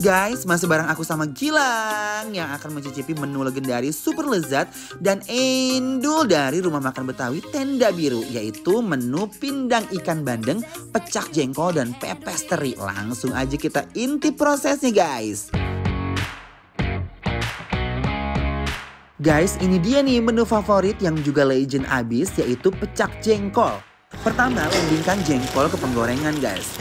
Guys, masih bareng aku sama Gilang yang akan mencicipi menu legendaris super lezat dan endul dari rumah makan Betawi Tenda Biru yaitu menu pindang ikan bandeng, pecak jengkol dan pepes teri. Langsung aja kita inti prosesnya guys. Guys, ini dia nih menu favorit yang juga legend abis yaitu pecak jengkol. Pertama, lendingkan jengkol ke penggorengan guys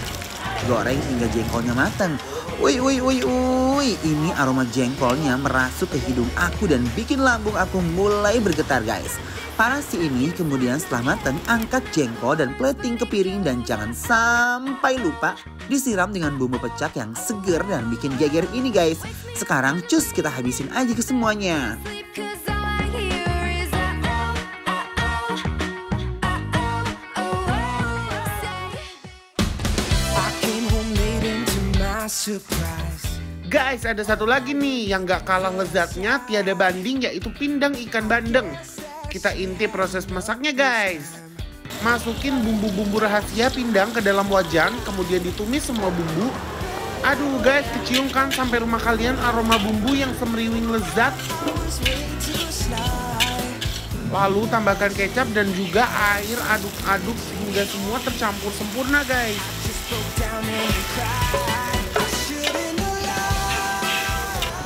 goreng hingga jengkolnya matang. Woi, woi, woi, woi, ini aroma jengkolnya merasuk ke hidung aku dan bikin lambung aku mulai bergetar guys. Para si ini kemudian setelah matang angkat jengkol dan plating ke piring dan jangan sampai lupa disiram dengan bumbu pecak yang seger dan bikin geger ini guys. Sekarang cus kita habisin aja ke semuanya. Guys, ada satu lagi nih yang gak kalah lezatnya tiada banding yaitu pindang ikan bandeng. Kita inti proses masaknya guys. Masukin bumbu-bumbu rahasia pindang ke dalam wajan, kemudian ditumis semua bumbu. Aduh guys, keciumkan sampai rumah kalian aroma bumbu yang semriwing lezat. Lalu tambahkan kecap dan juga air aduk-aduk hingga semua tercampur sempurna guys.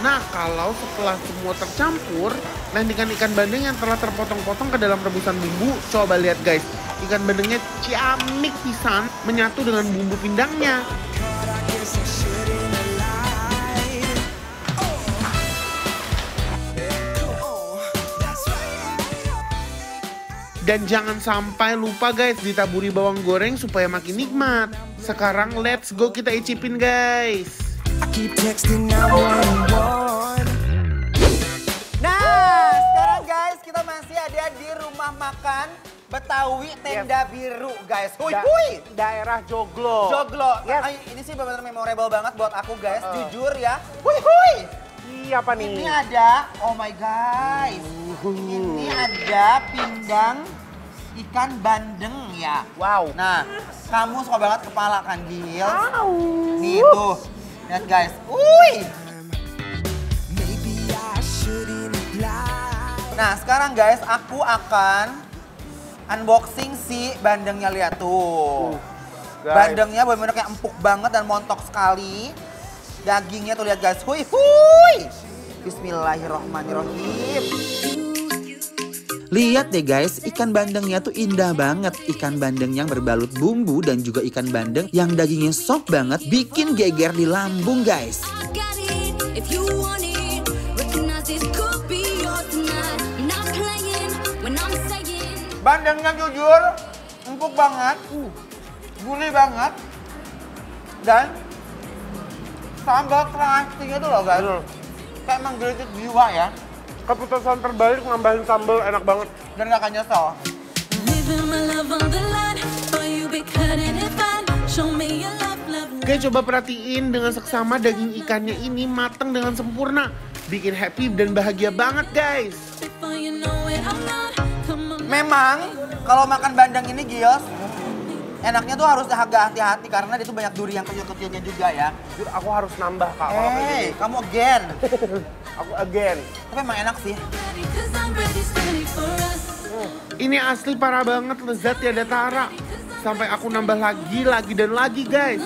Nah, kalau setelah semua tercampur, nah kan ikan bandeng yang telah terpotong-potong ke dalam rebusan bumbu, coba lihat guys. Ikan bandengnya ciamik pisan menyatu dengan bumbu pindangnya. Dan jangan sampai lupa guys ditaburi bawang goreng supaya makin nikmat. Sekarang let's go kita icipin guys. Nah, sekarang guys kita masih ada di rumah makan Betawi Tenda yes. Biru guys. Hui da Daerah Joglo. Joglo. Yes. Ay, ini sih benar-benar memorable banget buat aku guys, uh. jujur ya. Hui hui. Iya apa nih? Ini ada, oh my guys. Uhuh. Ini ada pindang ikan bandeng ya. Wow. Nah, kamu suka banget kepala kan, Gil? Wow. Nih tuh Lihat guys. wuih. Nah, sekarang guys aku akan unboxing si bandengnya lihat tuh. Uh, bandengnya bener-bener kayak empuk banget dan montok sekali. Dagingnya tuh lihat guys. Hui hui. Bismillahirrahmanirrahim. Lihat deh guys, ikan bandengnya tuh indah banget. Ikan bandeng yang berbalut bumbu dan juga ikan bandeng yang dagingnya soft banget bikin geger di lambung guys. Bandengnya jujur, empuk banget, uh, gurih banget, dan sambal terasinya tuh loh guys. Kayak menggelitik jiwa ya keputusan terbaik nambahin sambal enak banget dan gak akan nyesel Oke coba perhatiin dengan seksama daging ikannya ini matang dengan sempurna Bikin happy dan bahagia banget guys Memang kalau makan bandeng ini gios enaknya tuh harus agak hati-hati karena dia tuh banyak duri yang kecil-kecilnya juga ya. Jujur aku harus nambah kak hey, kalau kayak gini. kamu again. aku again. Tapi emang enak sih. Hmm. Ini asli parah banget lezat ya Datara. Sampai aku nambah lagi, lagi dan lagi guys.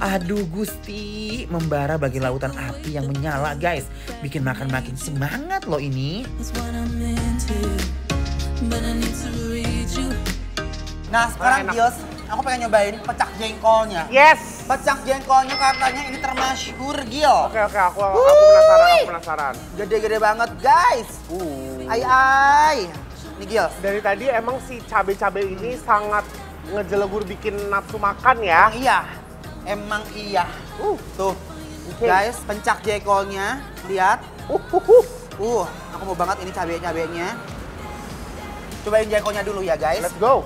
Aduh Gusti, membara bagi lautan api yang menyala guys. Bikin makan makin semangat loh ini. Nah sekarang Dios, aku pengen nyobain pecak jengkolnya. Yes. Pecak jengkolnya katanya ini termasyhur Gil. Oke oke aku aku penasaran aku penasaran. Gede-gede banget guys. Uh. Ai ai. Nih Gil. Dari tadi emang si cabe-cabe ini sangat ngejelegur bikin nafsu makan ya. Emang iya. Emang iya. Uh. Tuh. Okay. Guys, pencak jengkolnya. Lihat. Uh, uh, uh. uh, aku mau banget ini cabai-cabainya. Cobain jengkolnya dulu ya guys. Let's go.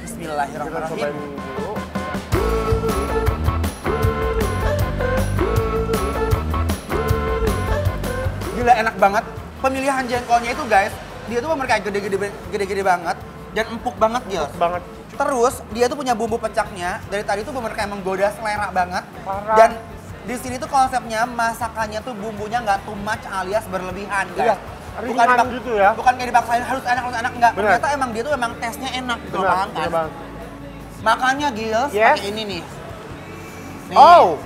Bismillahirrahmanirrahim. Gila enak banget. Pemilihan jengkolnya itu guys, dia tuh mereka gede-gede gede-gede banget dan empuk banget dia. banget. Terus dia tuh punya bumbu pecaknya dari tadi tuh mereka emang goda selera banget. Parah. Dan di sini tuh konsepnya masakannya tuh bumbunya nggak too much alias berlebihan guys. Iya bukan dipak, gitu ya bukan kayak dipaksain harus enak harus enak enggak ternyata emang dia tuh emang tesnya enak gitu loh, kan, kan? makanya Gil yes. pakai ini nih. nih oh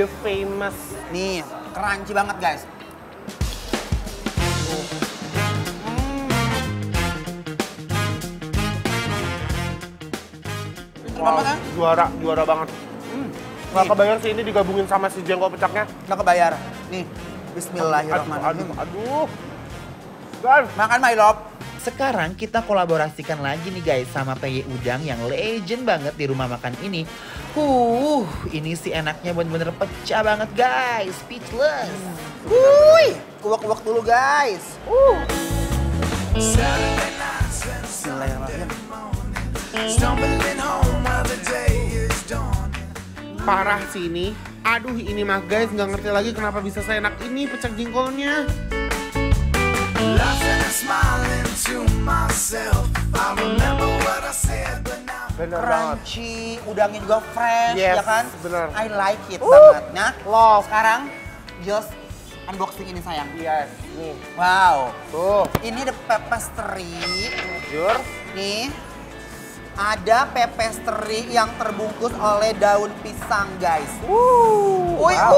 the famous nih crunchy banget guys Wow, banget, kan? juara, juara banget. Hmm. Nggak kebayar sih ini digabungin sama si jengkol pecaknya. nggak kebayar. Nih, bismillahirrahmanirrahim. Aduh, aduh, aduh. Makan my love. Sekarang kita kolaborasikan lagi nih guys sama PY Udang yang legend banget di rumah makan ini. Huh, ini sih enaknya bener-bener pecah banget guys, speechless. Wuih, hmm, kuak-kuak dulu guys. Uh. Parah sih ini. Aduh ini mah guys, nggak ngerti lagi kenapa bisa seenak ini pecah jingkolnya. Bener Crunchy, banget. udangnya juga fresh, ya yes, ya kan? Bener. I like it uh, banget. Nah, love. sekarang just unboxing ini sayang. Yes, nih. Wow. Tuh. Ini ada pepesteri. Jujur. Nih. Ada pepesteri yang terbungkus oleh daun pisang, guys. Wuh. wow.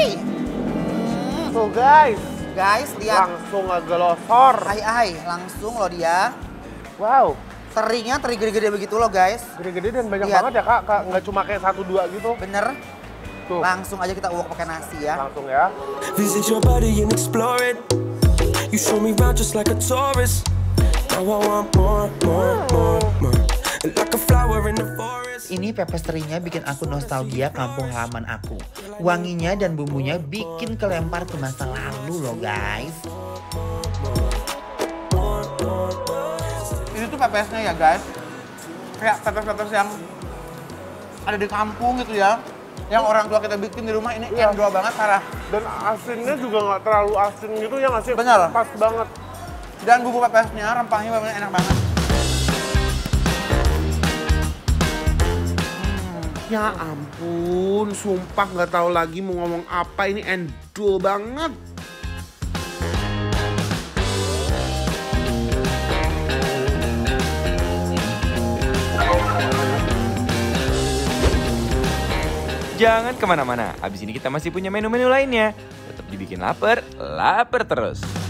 uy. Hmm. Tuh, guys guys, lihat. Langsung ngegelosor. Hai hai, langsung loh dia. Wow. Terinya teri gede-gede begitu loh guys. Gede-gede dan banyak lihat. banget ya kak, kak. nggak cuma kayak satu dua gitu. Bener. Tuh. Langsung aja kita uak pakai nasi ya. Langsung ya. Visit your body and explore You show me round just like a tourist. Now I want more, more, more, more. Like a flower in the ini pepes terinya bikin aku nostalgia kampung halaman aku. Wanginya dan bumbunya bikin kelempar ke masa lalu loh guys. Ini tuh pepesnya ya guys. Kayak pepes-pepes yang ada di kampung gitu ya yang orang tua kita bikin di rumah ini ya. endol banget parah dan asinnya juga nggak terlalu asin gitu ya masih pas banget dan bumbu pepesnya rempahnya benar enak banget Ya ampun, sumpah nggak tahu lagi mau ngomong apa ini endul banget. Jangan kemana-mana, abis ini kita masih punya menu-menu lainnya. Tetap dibikin lapar, lapar terus.